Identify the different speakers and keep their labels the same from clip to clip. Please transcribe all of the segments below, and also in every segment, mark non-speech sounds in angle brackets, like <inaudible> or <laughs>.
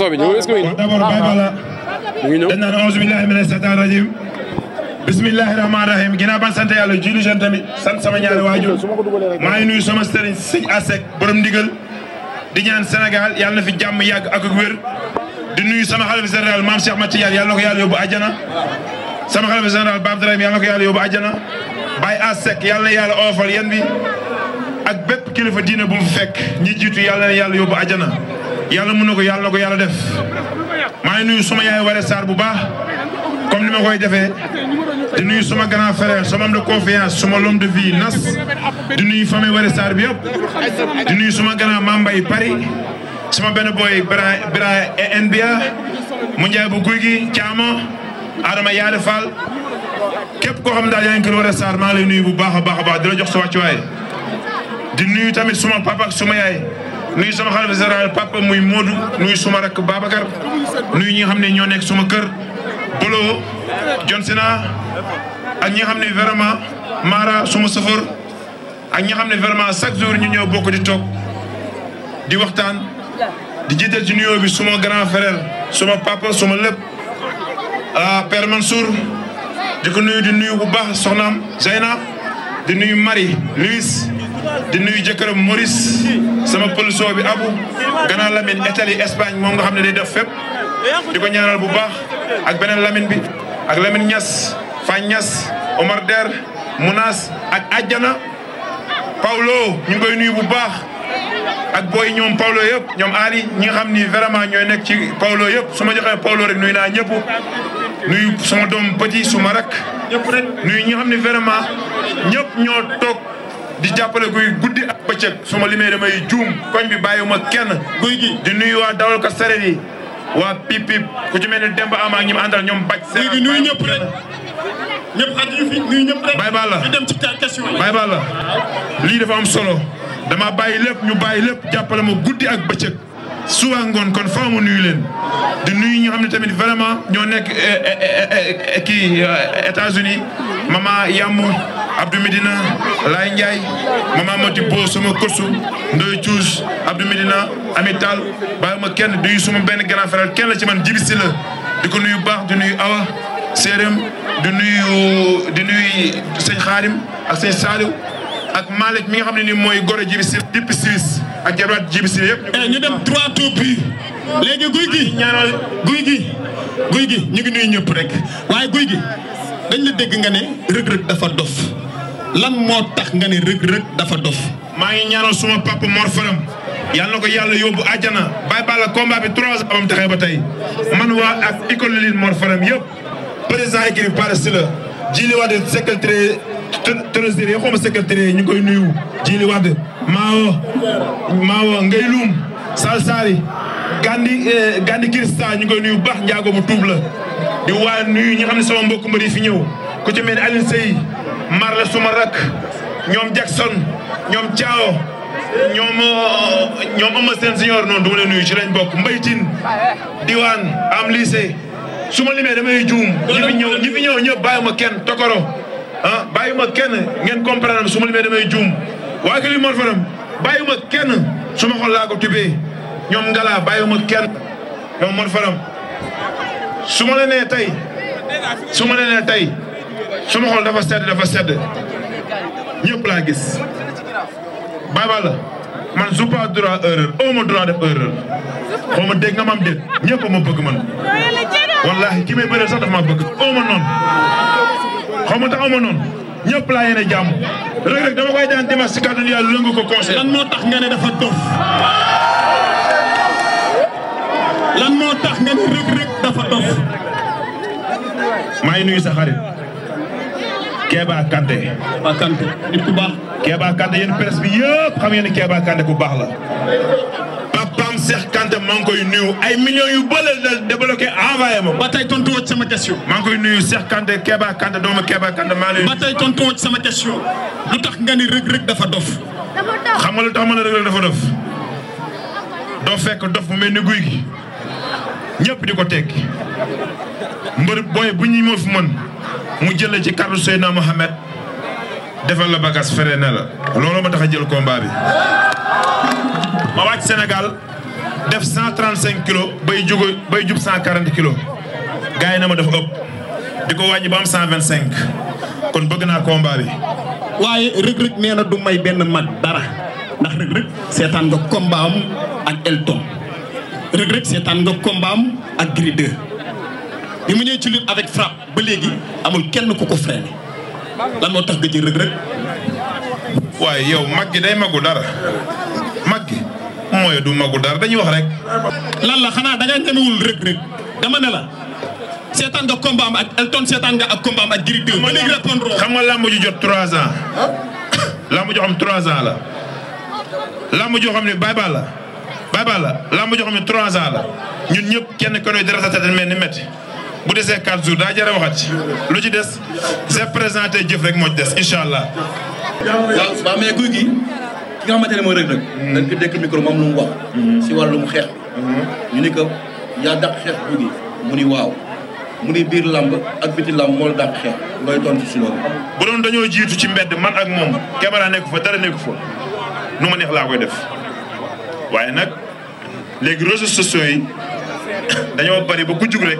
Speaker 1: soo bi ñu est-ce bala dañ naan auzu billahi mina shaytaani rajim bismillahi rahmaani rahim ginnaaw ban sant yàlla julli jeune tamit sant sama ñaari waajur maa ngi nuyu sama sëriñ sëñ Asek borom ndigal di ñaan senegal yàlla na fi jàmm yàgg ak ak di nuyu sama xalifa général maam Cheikh Matia Yàlla yàlla na yàlla sama xalifa général Bab yàlla ko yàlla yóbbu àjjana Baye Asek yàlla yàlla oofal yéen bi ak bépp kilifa diine bu mu fekk ñi jiitu yàlla yàlla yóbbu àjjana yàlla mën na ko yàlla na ko yàlla def maa ngi nuyu sama yaay Waré Sarr bu baax comme ni ma koy defee di nuyu sama grand frère sama homme de confiance sama l'homme de vie nas di nuyu famille Waré Sarr bi yëpp di nuyu sama grand mambay Paris suma benn boy Bira Bira NBA mu njaay bu guy gi Thiama Adama Yaade Fall képp koo xam ne daal yaa ngi kër Waré Sarr maa lay nuyu bu baax a baax a baax di la jox sa wàccuwaay di nuyu tamit suma papa suma yaay. nuyu sama xalifa général papa muy Modou nuyu suma rakk Babacar nuyu ñi xam ne ñoo nekk suma kër Bolo naa ak ñi xam ne vraiment Mara suma sëfër ak ñi xam ne vraiment chaque jour ñu ñëw bokk di toog di waxtaan di jiital ci nuyoo bi suma grand frère suma papa suma lépp ah Père di ko nuyu di nuyu bu baax soxnaam Zeyna di nuyu Marie Louise di nuyu jëkkëram Maurice sama pëlsoo bi abu gannaaw Lamine Italie Espagne moom nga xam ne day def fépp di bu baax ak beneen Lamine bi ak Lamine ñas fa ñas Omar Der Mounas ak Adjana Paulo ñu ngi koy nuyu bu baax ak booy ñoom Paulo yëpp ñoom Ali ñi xam ni vraiment ñooy nekk ci Paulo yëpp su ma joxee Paulo rek nuyu naa ñëpp nuyu sama doom petit suma rek nuyu ñi xam ne vraiment ñëpp ñoo toog di jàppale guy guddi ak bëccëg suma ma limee damay juum koñ bi bàyyiwuma kenn guy gi di nuyu waa dawal ko sareet yi waa pip pip ku ci mel ni Demba Ama ak ñi mu àndal ñoom baj guy ñëpp rek ñëpp ak ñu fi nuyu ñëpp ci question yi lii dafa am solo dama bàyyi lépp ñu bàyyi lépp jàppale ma guddi ak bëccëg suba ngoon kon faaw mu nuyu leen di nuyu ñu xam ne tamit vraiment ñoo nekk eh, eh, eh, kii euh, États-Unis Abdou Medina Laye Ndiaye Mama Mati Bo sama kosu Ndoy Cuus Abdou Medina Amital bàyyi ma kenn duyu suma benn grand frère kenn la ci man jibisi la di ko nuyu baax di nuyu Awa Séeréem di nuyu di Xaarim ak sëñ Saliou ak Malick mi nga xam ne nii mooy gore jibisi depuis Suisse ak jabaat jibisi yëpp eh, ñu dem trois tours bi léegi guy gi ñaanal guy gi guy gi ñu ngi nuyu ñëpp rek waaye guy gi dañ la dégg nga ne rëg-rëg dafa dof lan moo tax nga ne Reug Reug dafa dof. maa ngi ñaanal suma papa Mor Faram yàlla na ko yàlla yóbbu àjjana bàyyi ba la combat bi ba ans am taxee ba tey man waa ak école Lille Mor Faram yëpp président écurie Paris la Djili Wade secrétaire trésorier xaw ma secrétaire ñu koy nuyu Djili Wade Maawo Maawo Ngay Loum Salsari Gandi eh, Gandi Kirista ñu koy nuyu baax njaago bu tuub la di waa nuyu ñu xam ne sama mbokk mbër fi ñëw ku ci mel ni Alioune Marle suma rakk ñoom Jackson ñoom Thiaw ñoom uh, ñoom ama seen senior noonu du ma leen nuyu ci reñ bokk mbaytin diwaan am lycée su ma limee damay juum ñi fi ñëw ñi fi ñëw ñëpp bàyyi ma kenn tokoro ah bàyyi ma kenn ngeen comprendre am su ma limee damay juum waa kili mor fanam bàyyi ma kenn suma ma xol ko tubee ñoom ngala bàyyi ma kenn ñoom mor fanam su ma la nee tey su ma la nee tey suma xol dafa sedd dafa sedd ñëpp laa gis. Baye Balla man su pas droit erreur aw ma droit def erreur xaw ma dégg nga maam déet ñëpp ma bëgg man. wallahi ki may bëreel sax dafa ma bëgg aw ma noonu xaw ma tax aw ma noonu ñëpp laa yéene jàmm rek rek dama koy lan moo tax nga dafa dof lan moo tax nga ne rek dafa dof maa ngi nuyu xarit. Kéba Kanté. Kéba Kanté nit ku baax. Kéba Kanté bi yëpp xam ngeen ne Kéba ku baax la. papaam Cheikh Kanté maa koy nuyu ay millions yu bële la débloqué envoyé ma. ba tey tontu sama question. maa ngi koy nuyu Cheikh Kanté Kéba Kanté doomu Kéba Kanté maa lay. ba tey tontu sama question. lu tax nga ni Reug Reug dafa dof. xam nga lu tax ma ne Reug Reug dafa dof. doo fekk dof bu mel ni guy gi ñëpp di ko tekki mbër booy bu ñu mën. mu jëlee ci kàddu Seydina Mohamed defal la bagage fere na la loolu ma tax a jël combat bi. ma wàcc Sénégal def 135 kilos bay jug bay jub 140 kilos yi na ma def ëpp di ko wàññi ba am kon bëgg naa combat waaye Reug Reug nee na du may benn mag dara ndax Reug Reug seetaan nga combat ak Elton Reug Reug seetaan nga combat ak Gris bi mu ñëwee ci lutte avec frappe ba léegi amul kenn ku ko freiné lan moo tax nga ci rëg rëg waaye yow mag gi day magu dara mag gi mooy du magu dara dañuy wax rek. lan la xanaa da ngaa ñemewul la seetaan nga combat am ak Elton seetaan nga ak combat am ak Gris 2. ba léegi répondre xam nga làmb ju jot 3 ans. la. làmb joo xam ne bay baa la bay baa la làmb joo xam ne 3 ans la ñun ñëpp kenn ku ne dara sa ni métti. bu desee 4 jours daa jar a waxat ci lu ci des c'est présenté jëf rek moo des incha allah. waaw waaw mais guy gi ki nga xamante ne mooy rek rek. Hmm. dañ ko dégg micro moom lu mu wax. Hmm. si mu xeex. Hmm. ñu ni ko yaa dàq xeex guy gi mu ni waaw. mu ni biir làmb ak biti lamb moo la dàq xeex ngay tontu si loolu. bu doon dañoo jiitu ci mbedd man ak moom caméra nekku fa dara nekku fa nu ma neex laa koy def waaye nag léegi réseaux sociaux yi <coughs> dañoo bari ba ku rek.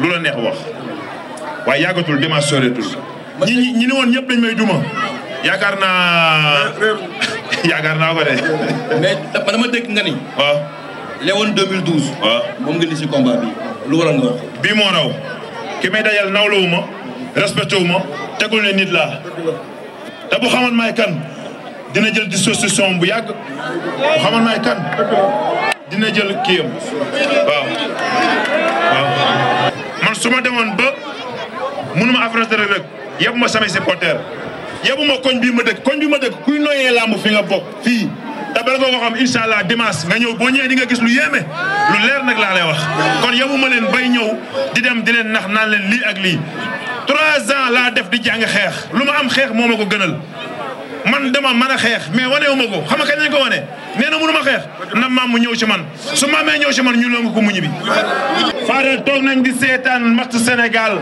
Speaker 1: lu la neex wax waaye yàggatul démarche ma ñi ñi ñi ne woon ñëpp dañ may duma yaakaar naa <laughs> yaakaar naa ko de. mais dama dégg nga ni. waaw. Léone 2012. moom nga ni si combat bi lu waral nga wax. moo raw ki may dajal nawlawu ma respecté wu ma tegul ne nit laa te bu xamoon maay kan dina jël dissociation bu yàgg bu xamoon maay kan dina jël kiyam waaw waaw. kon su ma demoon ba mënuma affronter Reug Reug yóbbu ma samay supporter yóbbu ma koñ bii ma dëkk koñ bi ma dëkk kuy nooyee làmb fi nga bokk fii te bala nga ko xam incha allah nga ñëw boo ñëwee di nga gis lu yéeme lu leer nag laa lay wax kon yóbbu ma leen bay ñëw di dem di leen nax naan leen lii ak lii trois ans laa def di jàng xeex lu ma am xeex moom ma ko gënal man dama mën a xeex mais wane wu ma ko xam nga kañ lañ ko wane nee na mënu ma xeex na maam mu ñëw ci man su maamee ñëw ci man ñu longu ko mu muñu bi Fadel toog nañ di seetaan match Sénégal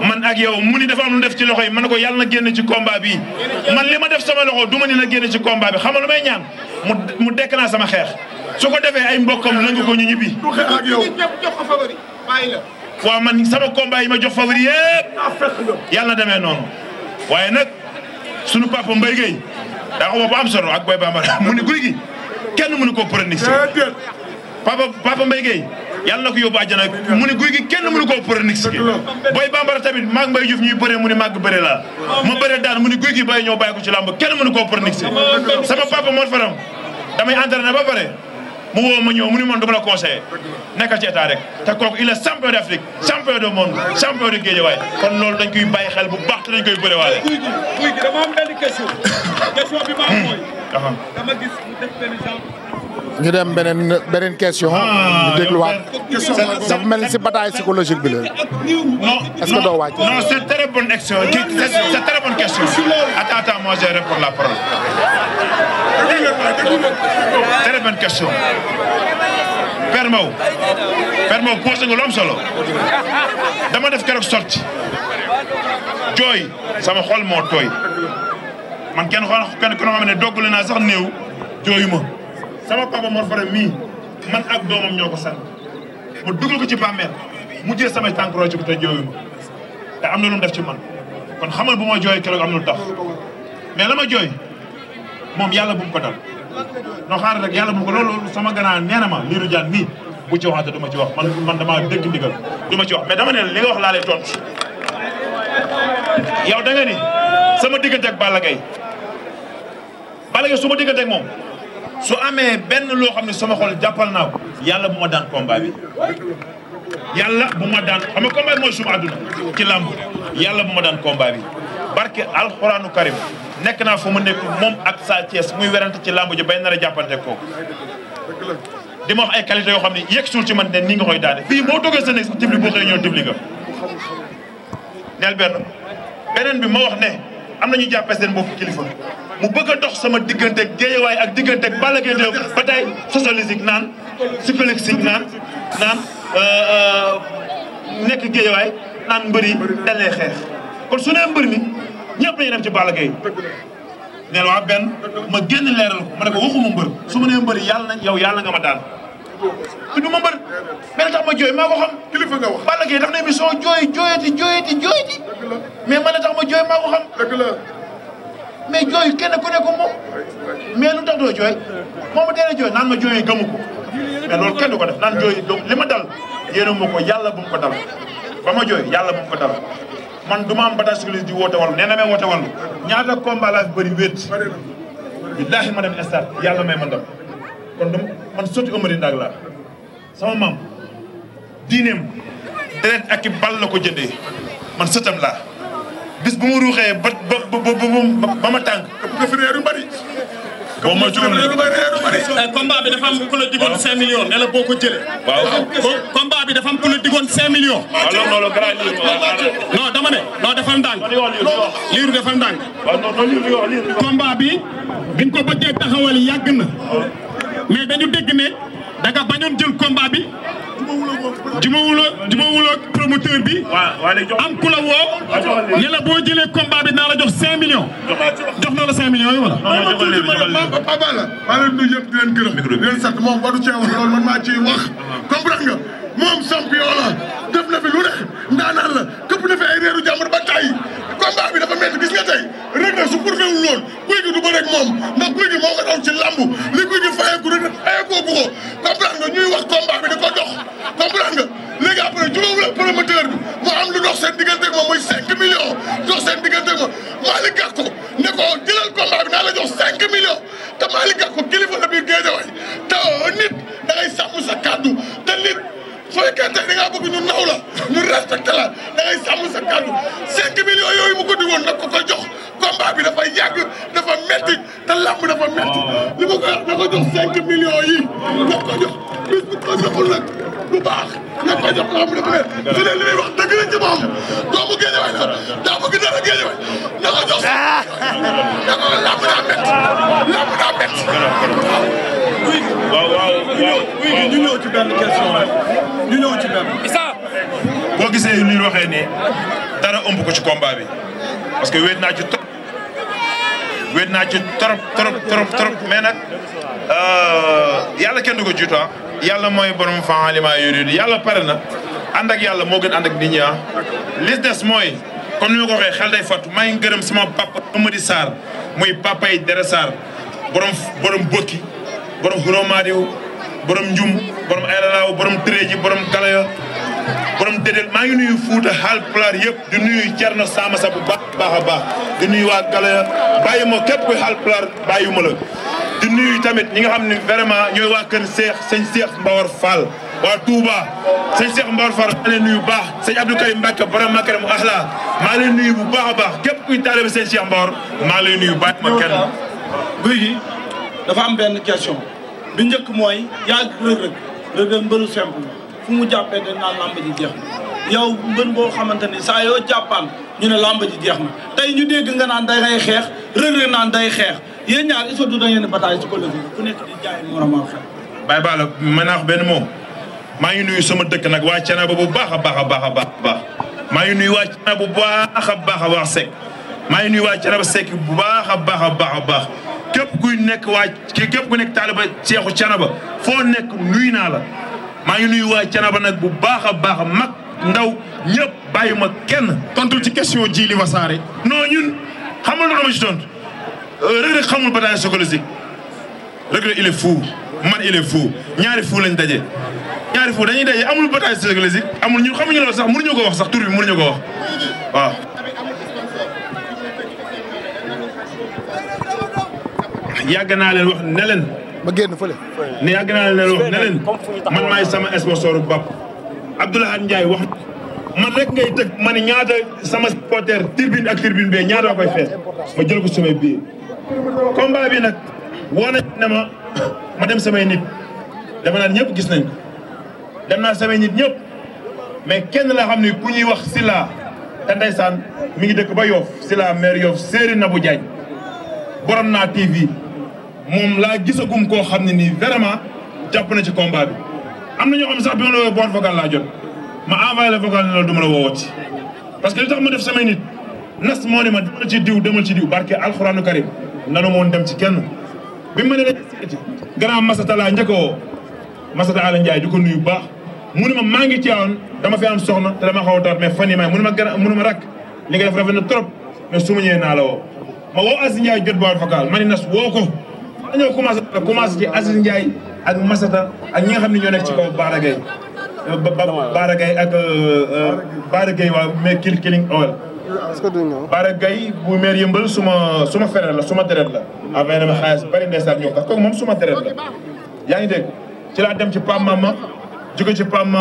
Speaker 1: man ak yow mu ni dafa am def ci loxo yi man ko yàlla na génn ci kombaa bi man li ma def sama loxo du ma ni na génn ci combat bi xam nga lu may ñaan mu mu dekk naa sama xeex su ko defee ay mbokkam nangu ko ñu ñibbi. waaw man sama combat yi ma jox favori yëpp yàlla na demee noonu waaye sunu papa Mbaye Gueye daa ko bu am solo ak Boy Bambara mu ne guy gi kenn mënu koo pronostiqué papa papa Mbaye Gueye yàlla na ko yóbbu àjjana mu ne guy gi kenn mënu koo pronostiqué Boy Bambara tamit maag Mbaye Diouf ñuy bëree mu ne maag bëre laa ma bëre daan mu ne guy gi bàyyi ñoo bàyyi ko ci làmb kenn mënu koo pronostiqué sama papa moo faram damay entraîné ba pare mu woo ma ñëw mu ni man dama la conseillé nekkal ci état rek te kooku il est champion d'Afrique champion du monde champion de Guédiawaye kon loolu dañ koy bàyyi xel bu baax te dañ koy bëriwaale. kuy gi kuy gi dama am benn question. <coughs> question bi <coughs> ñu dem beneen beneen question ah, ñu dégluwaat dafa mel ni si bataille psychologique bi la est-ce que doo wàcc. non c'est très bonne question c'est très bonne question. la parole. très bonne question. Père Mbow. nga lu solo. dama def keroog sorti jooy sama xol moo tooy ma kenn xool kenn ku ne ma ne doggule naa sax néew jooyu ma. sama papa Mor Fadam mii man ak doomam ñoo ko sant ma dugal ko ci bàmmeel mu jël sama tànk roc bi te jooyu te am na lu def ci man kon xamal bu ma jooy keroog am na lu tax mais la ma jooy moom yàlla bum ko dal noo xaaral rek yàlla bu mu ko loolu sama gannaaw nee na ma liiru jaan mii bu ci waxaate du ci wax man man damaa dégg ndigal du ma ci wax mais dama ne li nga wax laa lay tontu yow sama diggante ak Balla Gaye su ma diggante moom su amee benn loo xam ne sama xol jàppal naa ko yàlla bu ma daan combat bi yàlla bu ma daan xam nga bi mooy suma àdduna ci làmb yàlla bu ma daan combat bi barke alxuraanu karim nekk naa fu mu nekk moom ak Sa Thiès muy werante ci làmb ji bay nar a jàppante kooku di ma wax ay qualité yoo xam ne yegg suul ci man ne ni nga koy daane fii moo toggee sa nekk sax tibli boo xëy ñëw tibli nga neel beneen bi ma wax ne am nañu jàppee seen bopp kilifa mu bëgg a dox sama diggante Guédiawaye ak diggante Balla Gaye déw ba tey socialistique naan psychologique naan naan euh, euh, nekk Guédiawaye naan mbëri dañ xeex kon su nee mbër mi ñëpp lañu dem ci Balla Gaye neen waa benn ma génn leeral ko ma ne ko mbër su ma nee mbër yàlla na yow yàlla nga ma daan fi du ma mbër mais tax ma jooy maa ko xam kilifa nga wax Balla Gaye daf na émission jooy jooyati jooyati jooyati tax ma jooy maa ko mais jooyu kenn ku ne ko moom mais lu tax doo jooy moom dee jooy naan ma jooyu gëmu ko mais kenn du ko def naan jooyu li ma dal yéen ma ko yàlla bu ko dal ba ma jooy yàlla bu ko dal man du ma am bataille cycliste di woote wàllu nee na may woote wàllu ñaata combat laa fi bëri wéet billaahi ma dem stade yàlla may ma ndam kon du man sotti Amary Ndack laa sama maam diineem deret ak i bal la ko jëndee man sëtam laa bis bu ma ruuxee ba ba ba ba ma tànk. nga fi reeru bari. boo ma juróom reeru bari. Eh, combat bi dafa am ku la digoon 5 millions ne la boo ko jëlee. waaw combat bi dafa am ku la digoon 5 millions. alors ah, loolu grand non dama ne non defal ndànk. liiru defal ndànk. combat bi biñ ko bëggee taxawal yàgg na. mais dañu dégg ne da bañoon jël combat jubóowul ak jubóowul ak promoteur bi. am ku la woo. ne la boo jëlee combat bi naa la jox 5 millions. jox na la 5 millions yi wala. maa leen di yëpp di leen gërëm. di leen sant moom waru cee wax loolu man maa ciy wax. Ah. comprendre nga moom champion la def na fi lu ne ndaanaan la képp na fi ay réeru jàmbur ba tey combat bi dafa métti gis nga rek nag su pourfé wul lool guy gi du rek moom ndax guy gi moo ko daw ci li guy gi fayeeku rek fayeekoo bu ko comprendre nga ñuy wax combat bi da ko dox comprendre nga léegi après juróom la promoteur bi mu am lu dox seen diggante ak moom mooy 5 millions dox seen diggante ak moom Malick Gakou ne ko jëlal combat bi naa la jox 5 millions te Malick Gakou kilifa la biir Guédiawaye fekkente da ngaa bëgg ñu naw la ñu respecté la da ngay sàmm sa kàddu 5 millions yooyu mu ko digoon nag ko koy jox combat bi dafa yàgg dafa metti te làmb dafa metti li ma koy wax na ko jox 5 millions yi na ko jox bis bu ko joxul nag bu baax na ko jox la ci moom doomu géejewaay la na ko jox na ko làmb daa metti làmb daa metti waaw waaw waaw ñu ñëw ci benn question ñu ñëw ci boo gisee li ñu waxee nii dara ëmb ko ci combat bi parce que wéet naa ci trop. wéet naa ci trop trop trop trop mais euh, yàlla kenn du ko jiitu ah. yàlla mooy borom fan aliment yooyu yàlla pare na ànd ak yàlla moo gën ànd ak nit ñi ah. li des mooy comme ni ma xel day fàttu maa ngi gërëm sama papa Amady Sarr muy papa Dere Sarr borom borom bokki borom xuróomaadiw borom njum borom ay lalaaw borom tëréji borom kalaya boroom déedéet maa ngi nuyu Fuuta Haal Pulaar yëpp di nuyu Cerno Samasa bu baax baax a baax di nuyu waa Galaya bàyyi ma képp kuy Haal Pulaar yu ma la. di nuyu tamit ñi nga xam ne vraiment ñooy waa kër Seex sëñ Seex Mbawar Fall waa Touba sëñ Seex Mbawar Fall maa leen nuyu bu baax sëñ Abdou Karim Mbacke borom mu Axla maa leen nuyu bu baax a baax képp kuy taalibe sëñ Seex Mbawar maa lay nuyu bàyyi ma kenn. guy gi dafa am benn question. bi njëkk mooy yàgg Reug Reug Reug Reug mbëru fu mu jàppee dañ naan làmb ji jeex na yow mbër boo xamante ni saa yoo jàppaan ñu ne làmb ji jeex ma tey ñu dégg nga naan day xeex Reug Reug naan day xeex yéen ñaar il faut que da ngeen bataille psychologique ku nekk di jaay moromam xel. bàyyi baa la mën benn moom maa ngi nuyu sama dëkk nag waa Thiénaba bu baax a baax a baax a baax maa ngi nuyu waa Thiénaba bu baax a baax a baax Seck maa ngi nuyu waa Thiénaba Seck bu baax a baax a baax a baax. képp kuy nekk waa képp ku nekk taaliba Seexu Canaba foo nekk nuyu naa la maa ngi nuyu waa Canaba nag bu baax a baax a mag ndaw ñëpp bàyyi ma kenn. tontu ci question ji li wasaare. non ñun xamul na ma ci tontu euh, Reug Reug xamul bataille psychologique Reug Reug il est fou man il est ñaari fou lañ daje. ñaari fou dañuy daje amul bataille psychologique amul ñun xamuñu loolu sax mënuñu ko wax sax tur bi mënuñu ko wax yàgg naa leen wax ne leen. ma génn fële. ne yàgg naa leen wax ne leen man maay sama sponsor bopp. Abdoulaye Ndiaye wax man rek ngay ma ne ñaata sama supporter tribune ak tribune bee ñaata koy fees ma jël ko samay biir. combat bi nag woo nañ ne ma <coughs> ma dem samay nit dama naan ñëpp gis nañ dem naa samay nit ñëpp mais kenn laa xam ne ku ñuy wax si laa te ndeysaan mi ngi dëkk ba Yoff Sila maire Yoff Serigne Nabou Diagne borom naa TV. moom laa gisagum koo xam ne nii vraiment jàpp na ci combat bi. am na ñoo xam sax bi ma la woowee boîte vocale laa jot ma envoyé la vocal ne la du ma la parce que li tax ma def samay nit nas moo ne ma demal ci diw demal ci diw barke alxuraanu karim nanu moon dem ci kenn. bi ma ne la seeti grand Masata laa njëkk a woo Masata Ala Ndiaye di ko nuyu baax mu ne ma maa ngi Tiwaawan dama fi am soxna te dama xaw a tawat mais fan yii may mu ne ma gën mu ne ma rakk li nga def rafet na trop mais su ma naa la woo ma woo Asi Ndiaye jot dañoo commencé commencé ci Aziz Ndiaye ak Masata ak ñi nga xam ne ñoo nekk ci kaw Baara Gueye Baara ak euh, euh, Baara Gueye waaw mais kil kiling owel Baara Gueye bu maire yëmbal suma suma frère la suma deret la avant dama xaalis bari ndeysaan ñëw parce que moom suma deret la yaa ngi dégg ci laa dem ci Pam Mama jóge ci Pam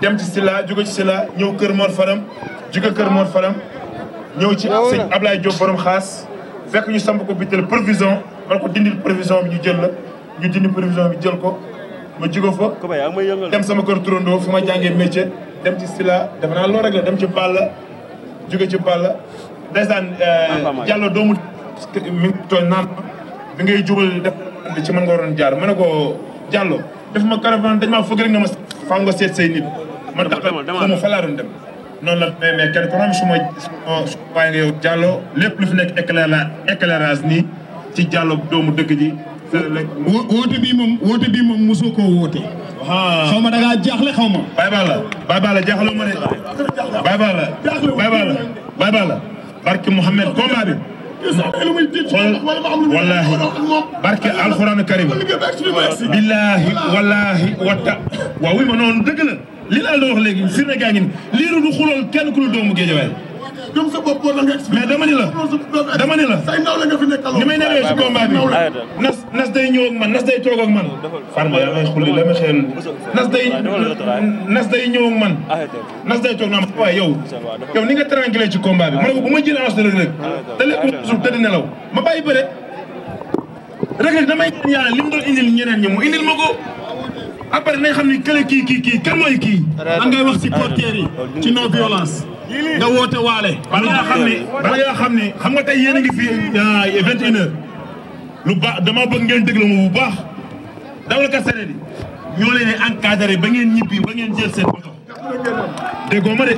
Speaker 1: dem ci Sila jóge ci Sila ñëw Kër Mor Faram jóge Kër Mor Faram ñëw ci sëñ Ablaye Diop borom xaas fekk ñu samp ko bitel provision man ko dindil prévision bi ñu jël la ñu dindi prévision bi jël ko ma jigo fa dem sama kër turandoo fi ma jàngee métier dem ci sila dafa naa loolu rek la dem ci Balla jóge ci Balla ndeysaan euh, Diallo doomu mi tooñ naan bi ngay jubal def ci mën nga waroon jaar ma ne ko Diallo def ma caravane dañ maa fëgg rek ne ma faaw nga seet say nit ma taxaw xamu fa laa doon dem noonu la mais mais kenn ko xam suma waaye lépp lu fi nekk éclairage éclairage nii ci dialogue doomu dëkk ji. woote bii moom woote bii moom mosoo koo woote. Ah. xaw ma da ngaa jaaxle xaw ma. Baye Balla Baye Balla jaaxle ma de. Baye Balla Baye Balla Baye Balla. barke Mouhamed combat bi. xool wallaahi barke alxuraan karim. billaahi wallaahi watta. waaw wuy ma noonu dëgg la li laa la wax léegi firnde gaa ngi nii liiru du xulal kenn ku doomu géejawaay gëm dama ni la dama ni la ni may newee si combat bi nas nas day ñëw man nas day toog man. farma yaa may xulli la ma xeel nas day nas day ñëw ak man. nas day toog naa yow. ni nga tranquille ci combat bi ma ne ma jëlee avance de rek ma bàyyi bëre rek rek damay ñaan yàlla li mu doon indil ñeneen ñi mu indil ma ko. après nañ xam ni kële kii kii kii kan mooy kii. man ngay wax supporters yi ci non violence. nga woote waale. bala ngaa xam ni bala ngaa xam ni xam nga tey yéen a ngi fi euh, vingt et lu baax dama bëgg ngeen la ma bu baax. dawalkat sareet yi ñoo leen di encadré ba ngeen ñibbi ba ngeen jël seen oto. déggoo ma de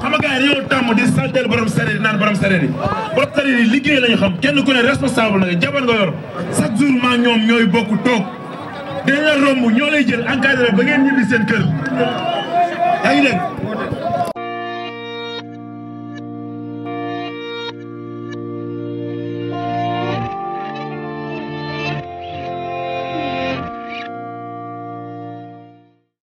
Speaker 1: xam nga gars yi dañoo tàmm di saltel borom sareet yi naan borom sareet yi. borom sareet yi liggéey lañu xam kenn ku ne responsable na jabar nga yor chaque jour maa ñoom ñooy bokk toog. dina la romb ñoo lay jël encadré ba ngeen ñibbi seen kër yaa ngi dégg